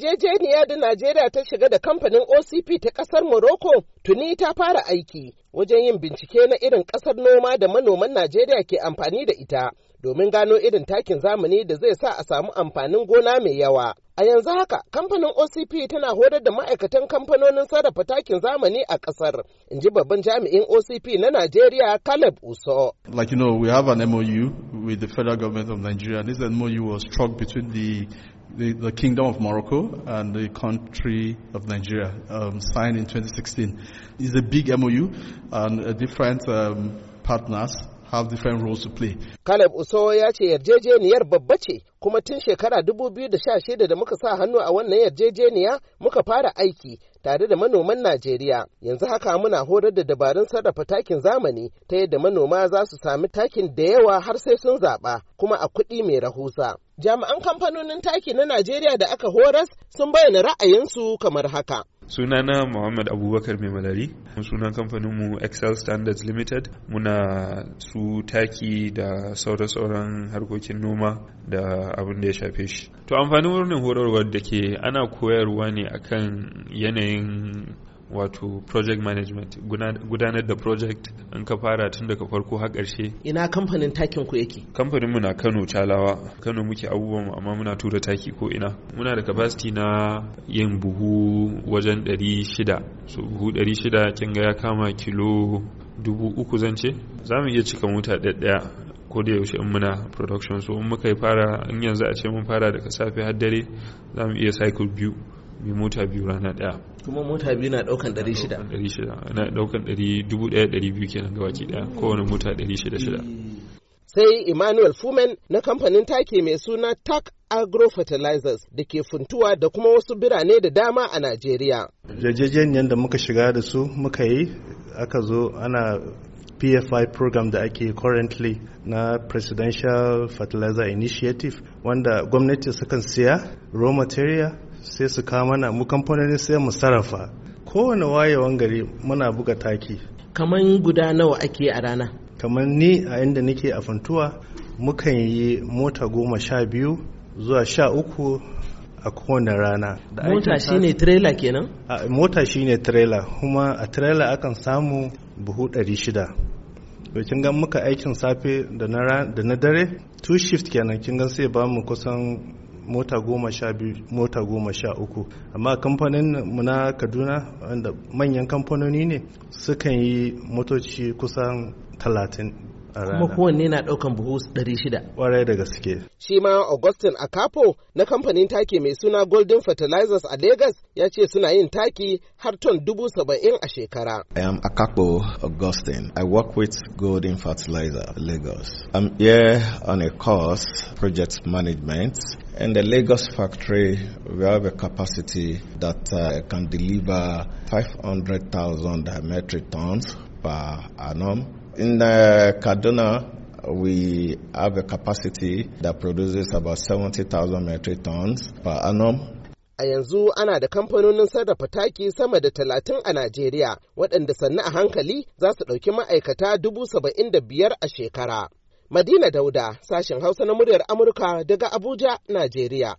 yarjejeniya da Najeriya ta shiga da kamfanin OCP ta kasar Morocco tuni ta fara aiki wajen yin bincike na irin kasar noma da manoman Najeriya ke amfani da ita domin gano irin takin zamani da zai sa a samu amfanin gona mai yawa. A yanzu haka kamfanin OCP tana horar da ma'aikatan kamfanonin sarrafa takin zamani a ƙasar, in ji babban jami'in OCP na Najeriya Caleb Uso. Like you know, we have an MOU with the federal government of Nigeria. and This MOU was struck between the the, the, Kingdom of Morocco and the country of Nigeria um, signed in 2016. It's a big MOU and uh, different um, partners have different roles to play. Caleb Usowa ya ce yarjejeniyar babba ce kuma tun shekara 2016 da muka sa hannu a wannan yarjejeniya muka fara aiki tare da manoman Najeriya. Yanzu haka muna horar da dabarun sarrafa takin zamani ta yadda manoma za su sami takin da yawa har sai sun zaɓa kuma a kuɗi mai rahusa. Jami'an kamfanonin taki na Najeriya da aka horas sun bayyana ra'ayinsu kamar haka. sunana muhammad abubakar mai malari sunan kamfaninmu excel standards limited muna su taki da sauran-sauran harkokin noma da abin da ya shafe shi to amfanin wurin horarwar da ke ana koyarwa ne akan yanayin wato project management gudanar da project in ka fara tun daga farko har ƙarshe ina kamfanin takin ku yake kamfanin mu na Kano calawa Kano muke abubuwa amma muna tura taki ko ina muna da capacity na yin buhu wajen 600 so buhu 600 kin ga ya kama kilo dubu uku zance za mu iya cika mota ɗaya ko da yaushe in muna production so in muka fara in yanzu a ce mun fara daga safe har dare za mu iya cycle biyu mai mota biyu rana daya kuma mota biyu na daukan 600 600 na daukan 1200 kenan gabaki daya kowane mota 600 sai emmanuel fumen na kamfanin take mai suna tak agro fertilizers da ke funtuwa da kuma wasu birane da dama a najeriya yarjejeniyar da muka shiga da su muka yi aka zo ana PFI program da ake currently na Presidential Fertilizer Initiative wanda gwamnati sukan siya raw material sai su kawo mana mu kamfanoni sai mu sarrafa kowane wayewan gari muna buga taki kaman guda nawa ake a rana kamar ni a inda nake a fantuwa mukan yi mota goma sha biyu zuwa sha uku a kowane rana mota shine trailer kenan mota shine trailer kuma a trailer akan samu buhu ɗari shida. kin ga muka aikin safe da na dare two shift kenan kin ga sai ba mu kusan mota goma sha biyu mota goma sha uku amma kamfanin mu na kaduna wanda manyan kamfanoni ne sukan yi motoci kusan talatin kuma kowanne na daukan buhu 600 kwarai da gaske shi ma akapo na kamfanin taki mai suna golden fertilizers a lagos ya ce suna yin taki har ton dubu saba'in a shekara i am akapo Augustine, i work with golden fertilizer lagos i'm here on a course project management In the Lagos factory, we have a capacity that uh, can deliver 500,000 metric tons per annum In uh, Kaduna, we have a capacity that produces about 70,000 metric tons per annum. A yanzu ana da kamfanonin sarrafa taki sama da talatin a Najeriya waɗanda sannu a hankali za su ɗauki ma'aikata dubu saba'in da biyar a shekara. Madina Dauda, sashen Hausa na muryar Amurka daga Abuja, Najeriya.